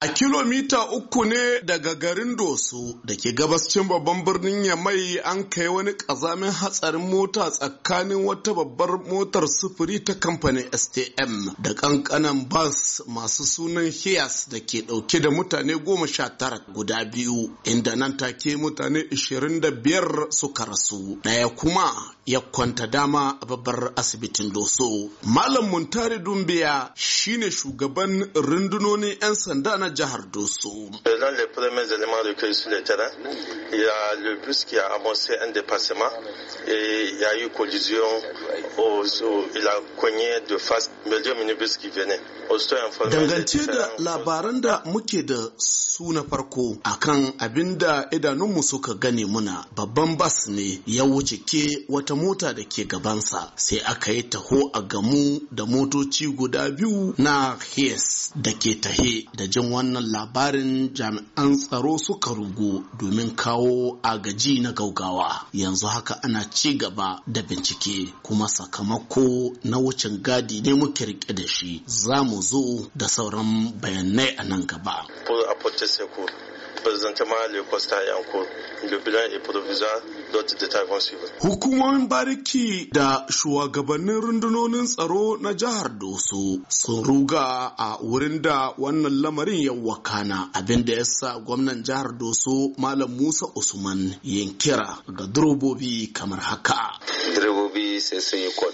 A kilomita uku ne daga garin Doso da ke gabascin babban birnin Yamai an kai wani ƙazamin hatsarin mota tsakanin wata babbar motar sufuri ta kamfanin STM da ƙanƙanan bas masu sunan Hiyas da ke ɗauke da mutane goma sha tara guda biyu inda nan take mutane ishirin da biyar suka rasu. Ɗaya kuma ya kwanta dama a babbar asibitin Doso. Malam Muntari Dumbiya shine shugaban rundunonin 'yan sanda na na jihar Doso. Dans les premiers éléments recueillis sur le terrain, il y a le bus qui a amorcé un dépassement et il y a eu collision. Au, il a cogné de face milieu minibus qui venait. Dangance da labaran da muke da su na farko kan abin da idanunmu suka gane muna babban bas ne ya wuce ke wata mota da ke gabansa sai aka yi taho a gamu da motoci guda biyu na Hies da ke tahe da jin wannan labarin jami'an tsaro suka rugu domin kawo agaji na gaugawa yanzu haka ana ci gaba da bincike kuma sakamako na wucin gadi ne muke rike da shi za mu zo da sauran bayanai a nan gaba. Présentement, le constat est en cours. Le bilan est provisoire, d'autres détails vont suivre. Hukumomin bariki da shugabannin rundunonin tsaro na jihar Doso sun ruga a wurin da wannan lamarin ya wakana abinda ya sa gwamnan jihar Doso Malam Musa Usman yin kira ga durobobi kamar haka. Direbobi sai sun yi kwan.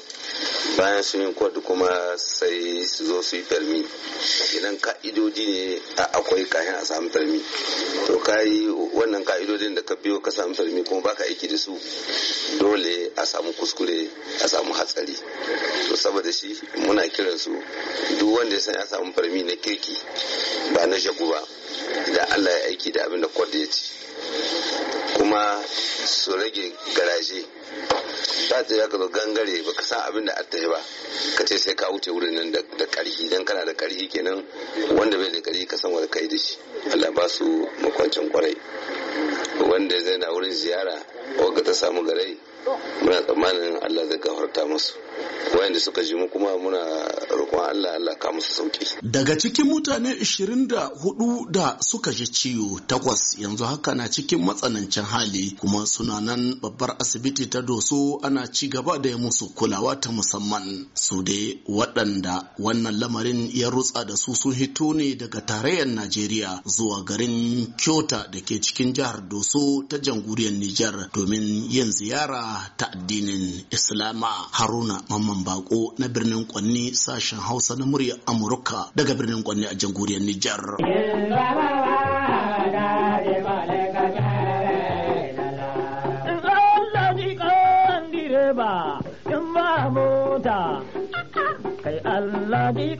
bayan sun yi kwad kuma sai su zo su yi farmi idan ka'idoji ne akwai kayan a samu farmi to ka yi wannan ka'idodin da ka biyo ka samu farmi kuma baka aiki da su dole a samu kuskure a samu hatsari to saboda shi muna kiran duk wanda ya san ya samu farmi na kirki ba na shagu ba idan allah ya aiki da abin da kwad ya ci kuma su rage garaje caji za ka zo gangare ba ka san abin da a ba ka ce sai ka wuce wurin nan da karhi dan kana da karhi kenan wanda bai da karhi ka san wanda kai da shi Allah ba su makwancin kwarai wanda zai na wurin ziyara wanda ta samu garai muna tsammanin Allah zai gafarta musu wayanda suka ji mu kuma muna Allah Allah ka musu sauki daga cikin mutane 24 da suka ji ciwo takwas yanzu haka na cikin matsanancin hali kuma suna nan babbar asibiti ta doso ana ci gaba da ya musu kulawa ta musamman su dai waɗanda wannan lamarin ya rutsa da su sun hito ne daga tarayyar Najeriya zuwa garin Kyota da ke cikin jihar Doso ta jamhuriyar Nijar domin yin ziyara ta addinin Islama Haruna Mamman Bako na birnin Kwanni sashen Hausa na murya Amurka daga birnin Kwanne a jamhuriyar Nijar. Kai Allah ji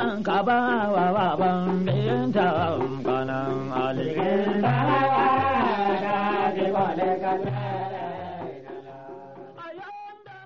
an ka ba wa wa ban binta kanan alikin ba wa da ji